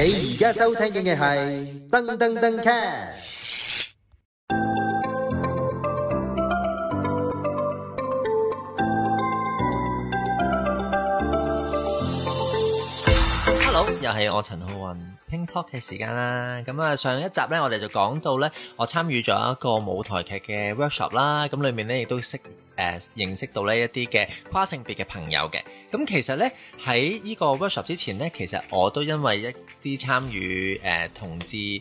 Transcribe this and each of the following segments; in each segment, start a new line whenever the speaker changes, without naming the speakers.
你而家收聽緊嘅係噔噔噔 cast。Hello，又係我陳浩雲。Talk 嘅時間啦，咁啊上一集咧，我哋就講到咧，我參與咗一個舞台劇嘅 workshop 啦，咁裏面咧亦都識誒認識到呢一啲嘅跨性別嘅朋友嘅。咁其實咧喺呢個 workshop 之前咧，其實我都因為一啲參與誒同志誒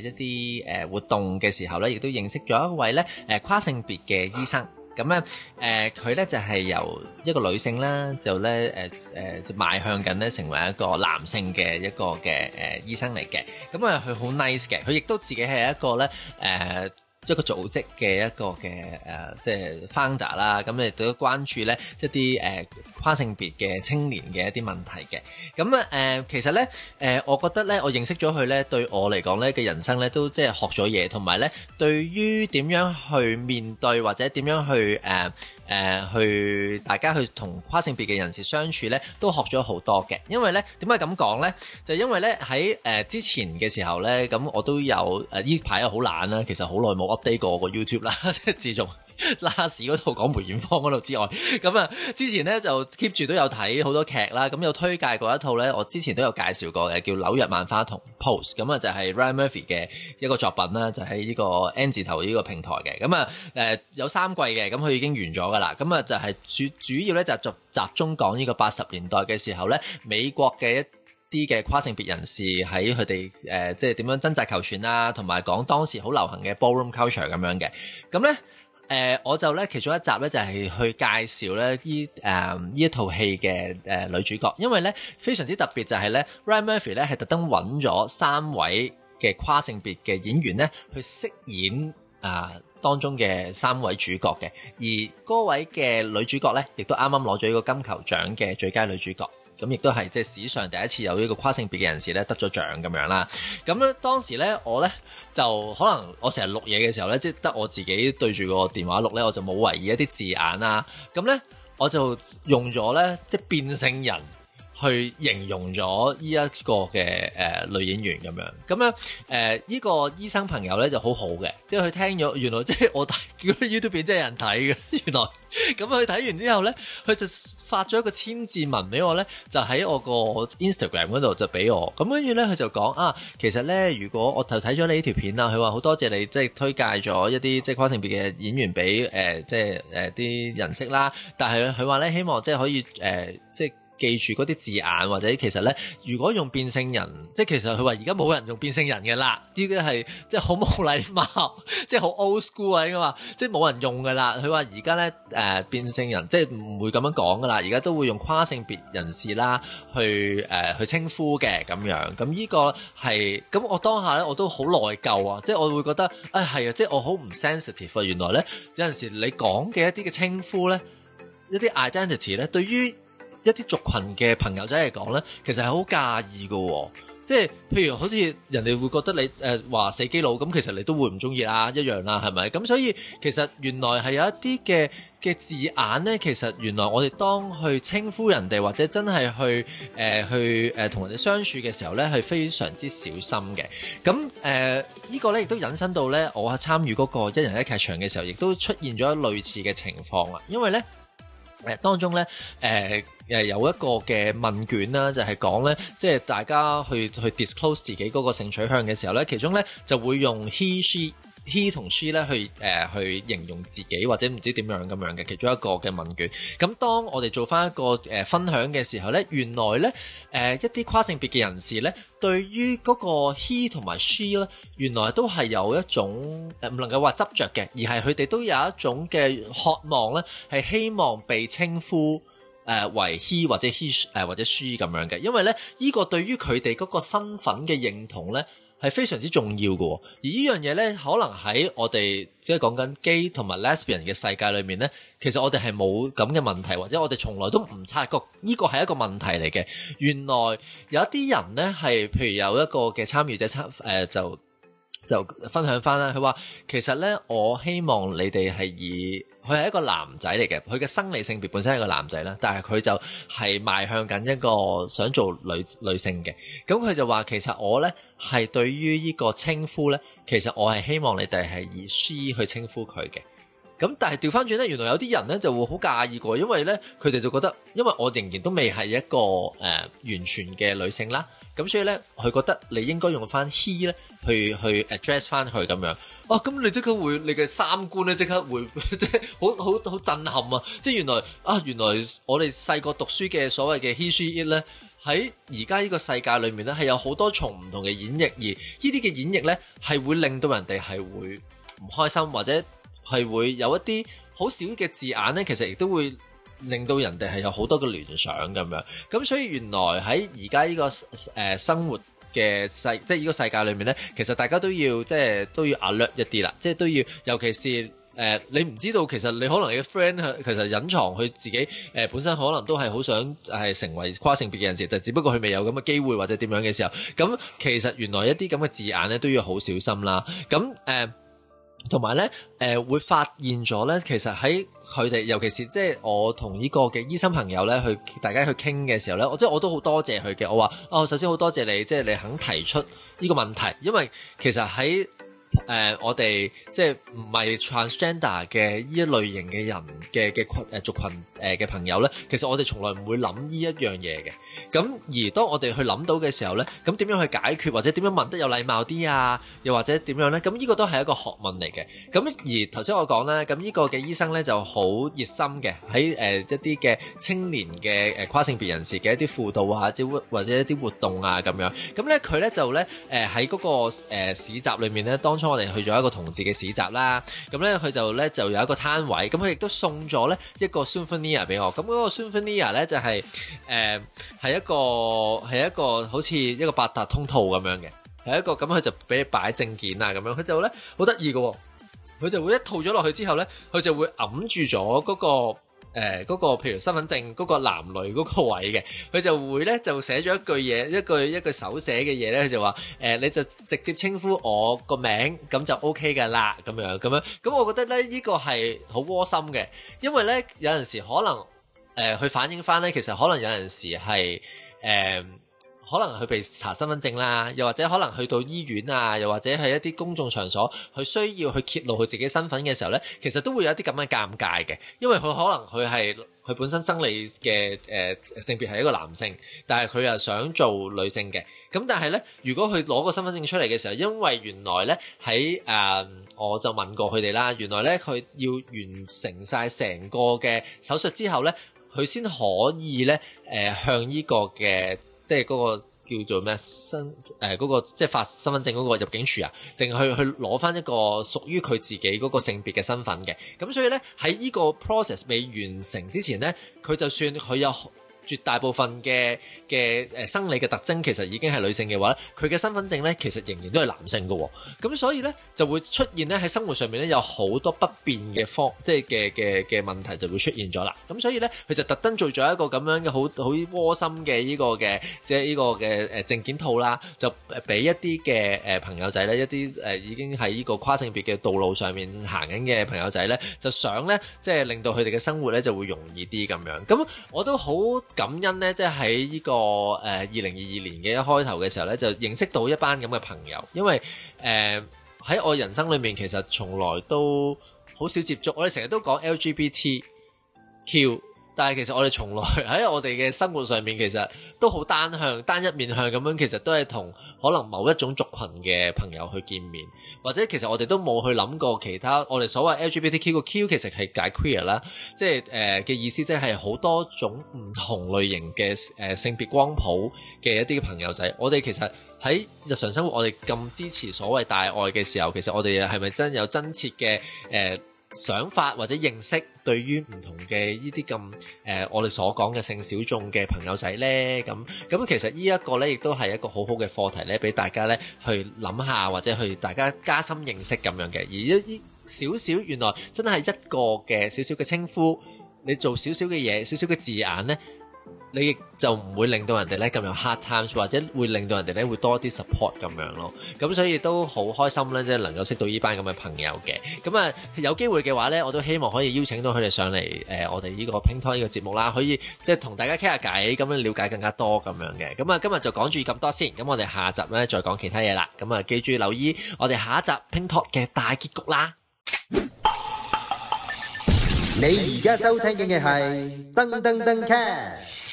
一啲誒活動嘅時候咧，亦都認識咗一位咧誒跨性別嘅醫生。咁咧，誒佢咧就係由一個女性啦，就咧誒誒邁向緊咧成為一個男性嘅一個嘅誒、呃、醫生嚟嘅。咁、呃、啊，佢好 nice 嘅，佢亦都自己係一個咧誒，呃一個組織嘅一個嘅誒，即係 founder 啦。咁你都關注咧一啲誒跨性別嘅青年嘅一啲問題嘅。咁啊誒，其實咧誒，我覺得咧，我認識咗佢咧，對我嚟講咧嘅人生咧，都即係學咗嘢，同埋咧對於點樣去面對或者點樣去誒誒去大家去同跨性別嘅人士相處咧，都學咗好多嘅。因為咧點解咁講咧？就因為咧喺誒之前嘅時候咧，咁我都有誒呢排好懶啦。其實好耐冇。update 過個 YouTube 啦，即係自從 last 嗰套講梅艷芳嗰度之外，咁啊之前咧就 keep 住都有睇好多劇啦，咁有推介過一套咧，我之前都有介紹過嘅，叫《紐約萬花筒》Pose，咁啊就係 Ryan Murphy 嘅一個作品啦，就喺呢個 N 字頭呢個平台嘅，咁啊誒有三季嘅，咁佢已經完咗噶啦，咁啊就係主主要咧就係集集中講呢個八十年代嘅時候咧，美國嘅一。啲嘅跨性別人士喺佢哋誒即係點樣掙扎求存啊，同埋講當時好流行嘅 ballroom culture 咁樣嘅。咁咧，誒、呃、我就咧其中一集咧，就係、是、去介紹咧依誒呢一套戲嘅誒女主角，因為咧非常之特別就係咧 Ryan Murphy 咧係特登揾咗三位嘅跨性別嘅演員咧去飾演啊、呃、當中嘅三位主角嘅，而嗰位嘅女主角咧亦都啱啱攞咗呢個金球獎嘅最佳女主角。咁亦都係即係史上第一次有呢個跨性別嘅人士咧得咗獎咁樣啦。咁咧當時咧我咧就可能我成日錄嘢嘅時候咧，即係得我自己對住個電話錄咧，我就冇留意一啲字眼啦。咁咧我就用咗咧即係變性人。去形容咗呢一個嘅誒女演員咁樣，咁樣誒呢個醫生朋友咧就好好嘅，即係佢聽咗，原來即係我叫、這個、YouTube 即係人睇嘅，原來咁佢睇完之後咧，佢就發咗一個千字文俾我咧，就喺我個 Instagram 度就俾我，咁跟住咧佢就講啊，其實咧如果我就睇咗你呢條片啦，佢話好多謝你即係推介咗一啲即係跨性別嘅演員俾誒、呃、即係誒啲人識啦，但係佢話咧希望即係可以誒、呃、即係。記住嗰啲字眼，或者其實呢，如果用變性人，即係其實佢話而家冇人用變性人嘅啦，呢啲係即係好冇禮貌，即係好 old school 啊，應該話，即係冇人用嘅啦。佢話而家呢，誒、呃、變性人即係唔會咁樣講嘅啦，而家都會用跨性別人士啦去誒、呃、去稱呼嘅咁樣。咁呢個係咁我當下呢，我都好內疚啊，即係我會覺得啊係、哎、啊，即係我好唔 sensitive。原來呢，有陣時你講嘅一啲嘅稱呼呢，一啲 identity 呢對於，一啲族群嘅朋友仔嚟講呢，其實係好介意嘅、哦，即係譬如好似人哋會覺得你誒話、呃、死基佬咁，其實你都會唔中意啦一樣啦，係咪？咁所以其實原來係有一啲嘅嘅字眼呢。其實原來我哋當去稱呼人哋或者真係去誒、呃、去誒同、呃呃、人哋相處嘅時候呢，係非常之小心嘅。咁誒呢個呢，亦都引申到呢，我喺參與嗰個一人一劇場嘅時候，亦都出現咗類似嘅情況啊，因為呢。誒當中咧，誒、呃、誒有一個嘅問卷啦，就係講咧，即係大家去去 disclose 自己嗰個性取向嘅時候咧，其中咧就會用 he she。he 同 she 咧去誒去形容自己或者唔知點樣咁樣嘅其中一個嘅問卷，咁當我哋做翻一個誒分享嘅時候咧，原來咧誒、呃、一啲跨性別嘅人士咧，對於嗰個 he 同埋 she 咧，原來都係有一種誒唔、呃、能夠話執着嘅，而係佢哋都有一種嘅渴望咧，係希望被稱呼誒、呃、為 he 或者 he 誒或者 she 咁樣嘅，因為咧呢、呢個對於佢哋嗰個身份嘅認同咧，係非常之重要嘅，而呢樣嘢咧，可能喺我哋即係講緊 gay 同埋 lesbian 嘅世界裏面咧，其實我哋係冇咁嘅問題，或者我哋從來都唔察覺呢個係一個問題嚟嘅。原來有一啲人咧，係譬如有一個嘅參與者，差、呃、誒就就分享翻啦，佢話其實咧，我希望你哋係以。佢係一個男仔嚟嘅，佢嘅生理性別本身係個男仔啦，但係佢就係邁向緊一個想做女女性嘅。咁佢就話其實我呢係對於呢個稱呼呢，其實我係希望你哋係以 she 去稱呼佢嘅。咁但係調翻轉呢，原來有啲人呢就會好介意過，因為呢，佢哋就覺得，因為我仍然都未係一個誒、呃、完全嘅女性啦。咁所以咧，佢覺得你應該用翻 he 咧去去 address 翻佢咁樣。哇、啊！咁你即刻會，你嘅三觀咧即刻會即係好好好震撼啊！即係原來啊，原來我哋細個讀書嘅所謂嘅 he she it 咧，喺而家呢個世界裏面咧係有好多重唔同嘅演繹，而呢啲嘅演繹咧係會令到人哋係會唔開心，或者係會有一啲好少嘅字眼咧，其實亦都會。令到人哋係有好多嘅聯想咁樣，咁所以原來喺而家呢個誒、呃、生活嘅世，即係呢個世界裏面呢，其實大家都要即係都要 alert 一啲啦，即係都要，尤其是誒、呃、你唔知道，其實你可能你嘅 friend 其實隱藏佢自己誒、呃、本身可能都係好想係成為跨性別嘅人士，就只不過佢未有咁嘅機會或者點樣嘅時候，咁其實原來一啲咁嘅字眼呢，都要好小心啦，咁誒。呃同埋咧，誒、呃、會發現咗咧，其實喺佢哋，尤其是即係我同呢個嘅醫生朋友咧，去大家去傾嘅時候咧，我即係我都好多謝佢嘅。我話，哦，首先好多謝你，即係你肯提出呢個問題，因為其實喺誒、呃、我哋即係唔係 transgender 嘅呢一類型嘅人嘅嘅羣誒族群，誒嘅朋友呢，其實我哋從來唔會諗呢一樣嘢嘅。咁而當我哋去諗到嘅時候呢，咁點樣去解決或者點樣問得有禮貌啲啊？又或者點樣呢？咁呢個都係一個學問嚟嘅。咁而頭先我講呢，咁呢個嘅醫生呢就好熱心嘅，喺誒一啲嘅青年嘅誒跨性別人士嘅一啲輔導啊，或者一啲活動啊咁樣。咁呢，佢呢就呢誒喺嗰個市集裏面呢，當初我哋去咗一個同志嘅市集啦。咁呢，佢就呢就有一個攤位，咁佢亦都送咗呢一個俾我咁嗰個 Sinfonia 咧，就係誒係一個係一個好似一個八達通套咁樣嘅係一個咁，佢就俾你擺證件啊咁樣，佢就咧，好得意嘅，佢就會一套咗落去之後咧，佢就會揞住咗嗰個。誒嗰、呃那個譬如身份證嗰、那個男女嗰個位嘅，佢就會咧就寫咗一句嘢，一句一句手寫嘅嘢咧，佢就話誒、呃，你就直接稱呼我個名，咁就 OK 噶啦，咁樣咁樣，咁我覺得咧呢、這個係好窩心嘅，因為咧有陣時可能誒佢、呃、反映翻咧，其實可能有陣時係誒。呃可能佢被查身份證啦，又或者可能去到醫院啊，又或者係一啲公眾場所，佢需要去揭露佢自己身份嘅時候咧，其實都會有一啲咁嘅尷尬嘅，因為佢可能佢係佢本身生理嘅誒性別係一個男性，但係佢又想做女性嘅咁。但係咧，如果佢攞個身份證出嚟嘅時候，因為原來咧喺誒，我就問過佢哋啦，原來咧佢要完成曬成個嘅手術之後咧，佢先可以咧誒向呢個嘅。即係嗰個叫做咩身誒嗰個即係發身份證嗰個入境處啊，定係去去攞返一個屬於佢自己嗰個性別嘅身份嘅，咁所以呢，喺呢個 process 未完成之前呢，佢就算佢有。絕大部分嘅嘅誒生理嘅特徵其實已經係女性嘅話咧，佢嘅身份證咧其實仍然都係男性嘅喎、哦，咁所以咧就會出現咧喺生活上面咧有好多不便嘅方即係嘅嘅嘅問題就會出現咗啦。咁所以咧佢就特登做咗一個咁樣嘅好好窩心嘅呢、呢個嘅即係呢個嘅誒、呢個、證件套啦，就俾一啲嘅誒朋友仔咧一啲誒已經喺呢個跨性別嘅道路上面行緊嘅朋友仔咧，就想咧即係令到佢哋嘅生活咧就會容易啲咁樣。咁我都好。感恩呢，即係喺呢個誒二零二二年嘅一開頭嘅時候呢，就認識到一班咁嘅朋友，因為誒喺、呃、我人生裏面其實從來都好少接觸，我哋成日都講 LGBTQ。但係其實我哋從來喺我哋嘅生活上面，其實都好單向、單一面向咁樣，其實都係同可能某一種族群嘅朋友去見面，或者其實我哋都冇去諗過其他，我哋所謂 LGBTQ 個 Q 其實係解 queer 啦，即係誒嘅意思即係好多種唔同類型嘅誒、呃、性別光譜嘅一啲嘅朋友仔。我哋其實喺日常生活，我哋咁支持所謂大愛嘅時候，其實我哋係咪真有真切嘅誒、呃想法或者認識對於唔同嘅呢啲咁誒，我哋所講嘅性小眾嘅朋友仔呢，咁咁其實呢一個呢，亦都係一個好好嘅課題呢，俾大家呢去諗下或者去大家加深認識咁樣嘅，而一少少原來真係一個嘅少少嘅稱呼，你做少少嘅嘢，少少嘅字眼呢。你亦就唔會令到人哋咧咁有 hard times，或者會令到人哋咧會多啲 support 咁樣咯。咁所以都好開心咧，即係能夠識到依班咁嘅朋友嘅。咁啊，有機會嘅話咧，我都希望可以邀請到佢哋上嚟誒，我哋依個拼拖依個節目啦，可以即係同大家傾下偈，咁樣瞭解更加多咁樣嘅。咁啊，今日就講住咁多先，咁我哋下集咧再講其他嘢啦。咁啊，記住留意我哋下一集拼拖嘅大結局啦！你而家收聽緊嘅係噔噔噔 cast。